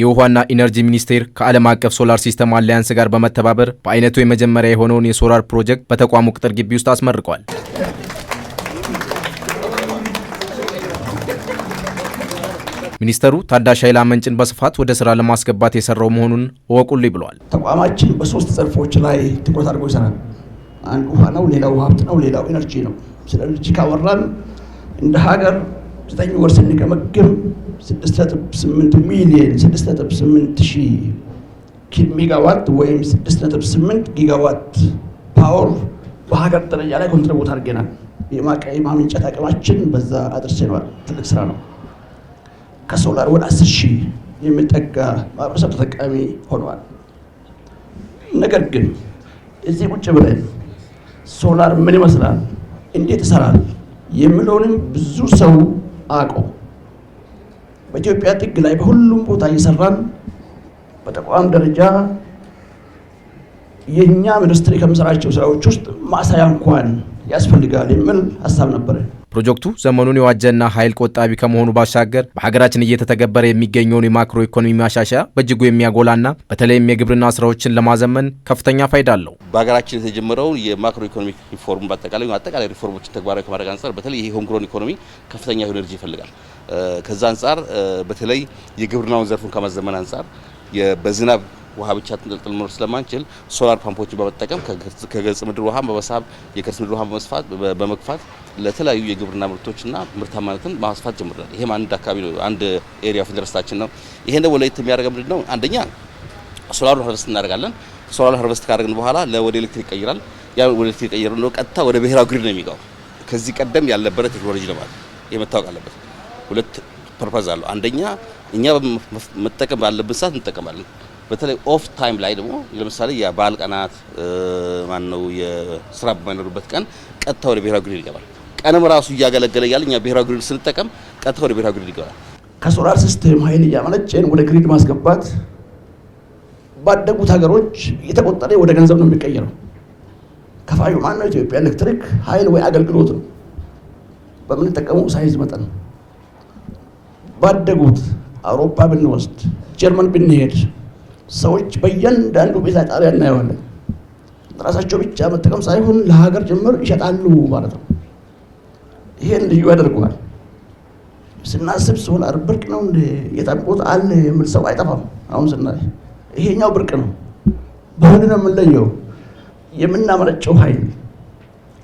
የውሃና ኢነርጂ ሚኒስቴር ከዓለም አቀፍ ሶላር ሲስተም አላያንስ ጋር በመተባበር በአይነቱ የመጀመሪያ የሆነውን የሶላር ፕሮጀክት በተቋሙ ቅጥር ግቢ ውስጥ አስመርቋል። ሚኒስተሩ ታዳሽ ኃይል አመንጭን በስፋት ወደ ስራ ለማስገባት የሰራው መሆኑን እወቁልኝ ብለዋል። ተቋማችን በሶስት ዘርፎች ላይ ትኩረት አድርጎ ይሰራል። አንዱ ውሃ ነው፣ ሌላው ሀብት ነው፣ ሌላው ኢነርጂ ነው። ስለ ኢነርጂ ካወራን እንደ ሀገር ዘጠኝ ወር ስንገመግም ስድስት ነጥብ ስምንት ሚሊየን ስድስት ነጥብ ስምንት ሺህ ሜጋዋት ወይም ስድስት ነጥብ ስምንት ጊጋዋት ፓወር በሀገር ደረጃ ላይ ኮንትሪቡት አድርገናል። የማመንጨት አቅማችን በዛ አድርሰናል። ትልቅ ስራ ነው። ከሶላር ወደ አስር ሺህ የሚጠጋ ማህበረሰብ ተጠቃሚ ሆነዋል። ነገር ግን እዚህ ቁጭ ብለን ሶላር ምን ይመስላል፣ እንዴት ይሰራል የሚለውንም ብዙ ሰው አቆ በኢትዮጵያ ጥግ ላይ በሁሉም ቦታ እየሰራን በተቋም ደረጃ የእኛ ሚኒስትሪ ከምሰራቸው ስራዎች ውስጥ ማሳያ እንኳን ያስፈልጋል የሚል ሀሳብ ነበረ። ፕሮጀክቱ ዘመኑን የዋጀና ኃይል ቆጣቢ ከመሆኑ ባሻገር በሀገራችን እየተተገበረ የሚገኘውን የማክሮ ኢኮኖሚ ማሻሻያ በእጅጉ የሚያጎላና በተለይም የግብርና ስራዎችን ለማዘመን ከፍተኛ ፋይዳ አለው። በሀገራችን የተጀመረው የማክሮ ኢኮኖሚ ሪፎርም በአጠቃላይ አጠቃላይ ሪፎርሞችን ተግባራዊ ከማድረግ አንጻር በተለይ ይሄ ሆምግሮን ኢኮኖሚ ከፍተኛ የሆነ ኤነርጂ ይፈልጋል። ከዛ አንጻር በተለይ የግብርናውን ዘርፉን ከማዘመን አንጻር በዝናብ ውሃ ብቻ ተንጠልጥል መኖር ስለማንችል ሶላር ፓምፖችን በመጠቀም ከገጽ ምድር ውሃ በመሳብ የከርስ ምድር ውሃ በመስፋት በመግፋት ለተለያዩ የግብርና ምርቶችና ምርታማነትን ማስፋት ጀምረናል። ይሄም አንድ አካባቢ ነው፣ አንድ ኤሪያ ኦፍ ኢንተረስታችን ነው። ይሄን ደግሞ ለየት የሚያደርገው ምንድን ነው? አንደኛ ሶላሩ ሀርቨስት እናደርጋለን። ሶላሩ ሀርቨስት ካደረግን በኋላ ለወደ ኤሌክትሪክ ይቀይራል። ያ ወደ ኤሌክትሪክ ቀይር ነው ቀጥታ ወደ ብሔራዊ ግሪድ ነው የሚገባው። ከዚህ ቀደም ያልነበረ ቴክኖሎጂ ነው ማለት ይሄ መታወቅ አለበት። ሁለት ፐርፐዝ አለው። አንደኛ እኛ መጠቀም ባለብን ሰዓት እንጠቀማለን። በተለይ ኦፍ ታይም ላይ ደግሞ ለምሳሌ የበዓል ቀናት ማን ነው የስራ በማይኖሩበት ቀን ቀጥታ ወደ ብሔራዊ ግሪድ ይገባል። ቀንም ራሱ እያገለገለ እያለ እኛ ብሔራዊ ግሪድ ስንጠቀም ቀጥታ ወደ ብሔራዊ ግሪድ ይገባል። ከሶላር ሲስተም ኃይል እያመነጨን ወደ ግሪድ ማስገባት ባደጉት ሀገሮች የተቆጠረ ወደ ገንዘብ ነው የሚቀየረው። ከፋዩ ማነው? ኢትዮጵያ ኤሌክትሪክ ኃይል ወይ አገልግሎት ነው በምንጠቀመው ሳይዝ መጠን ባደጉት አውሮፓ ብንወስድ ጀርመን ብንሄድ ሰዎች በእያንዳንዱ ቤዛ ጣቢያ እናየዋለን። ራሳቸው ብቻ መጠቀም ሳይሆን ለሀገር ጭምር ይሸጣሉ ማለት ነው። ይሄን ልዩ ያደርገዋል። ስናስብ ሶላር ብርቅ ነው እንደ የጠቦት አለ የምል ሰው አይጠፋም። አሁን ስና ይሄኛው ብርቅ ነው። በሆነ ነው የምንለየው። የምናመረጨው ኃይል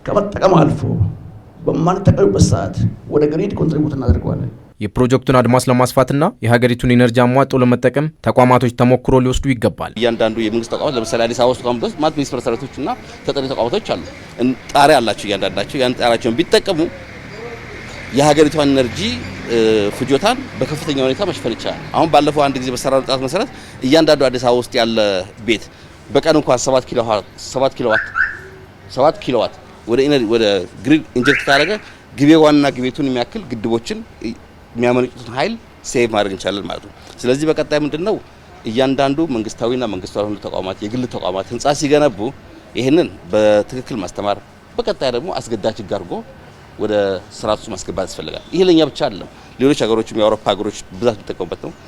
ከመጠቀም አልፎ በማንጠቀምበት ሰዓት ወደ ግሪድ ኮንትሪቡት እናደርገዋለን። የፕሮጀክቱን አድማስ ለማስፋትና የሀገሪቱን ኢነርጂ አሟጦ ለመጠቀም ተቋማቶች ተሞክሮ ሊወስዱ ይገባል። እያንዳንዱ የመንግስት ተቋማት ለምሳሌ አዲስ አበባ ውስጥ ተቋማት ማለት ሚኒስቴር መስሪያ ቤቶችና ተጠሪ ተቋማቶች አሉ። ጣሪያ አላቸው። እያንዳንዳቸው ያን ጣሪያቸውን ቢጠቀሙ የሀገሪቷን ኤነርጂ ፍጆታን በከፍተኛ ሁኔታ መሽፈን ይቻላል። አሁን ባለፈው አንድ ጊዜ በሰራ ጥናት መሰረት እያንዳንዱ አዲስ አበባ ውስጥ ያለ ቤት በቀን እንኳን 7 ኪሎዋት ሰባት ኪሎዋት 7 ኪሎዋት ወደ ኢነርጂ ወደ ግሪድ ኢንጀክት ካደረገ ግቤ ዋና ግቤቱን የሚያክል ግድቦችን የሚያመነጩትን ኃይል ሴቭ ማድረግ እንችላለን ማለት ነው። ስለዚህ በቀጣይ ምንድን ነው እያንዳንዱ መንግስታዊና መንግስታዊ ያልሆኑ ተቋማት፣ የግል ተቋማት ህንፃ ሲገነቡ ይህንን በትክክል ማስተማር በቀጣይ ደግሞ አስገዳጅ ህግ አድርጎ ወደ ስርዓቱ ማስገባት ያስፈልጋል። ይህ ለኛ ብቻ አይደለም፣ ሌሎች ሀገሮችም የአውሮፓ ሀገሮች ብዛት የሚጠቀሙበት ነው።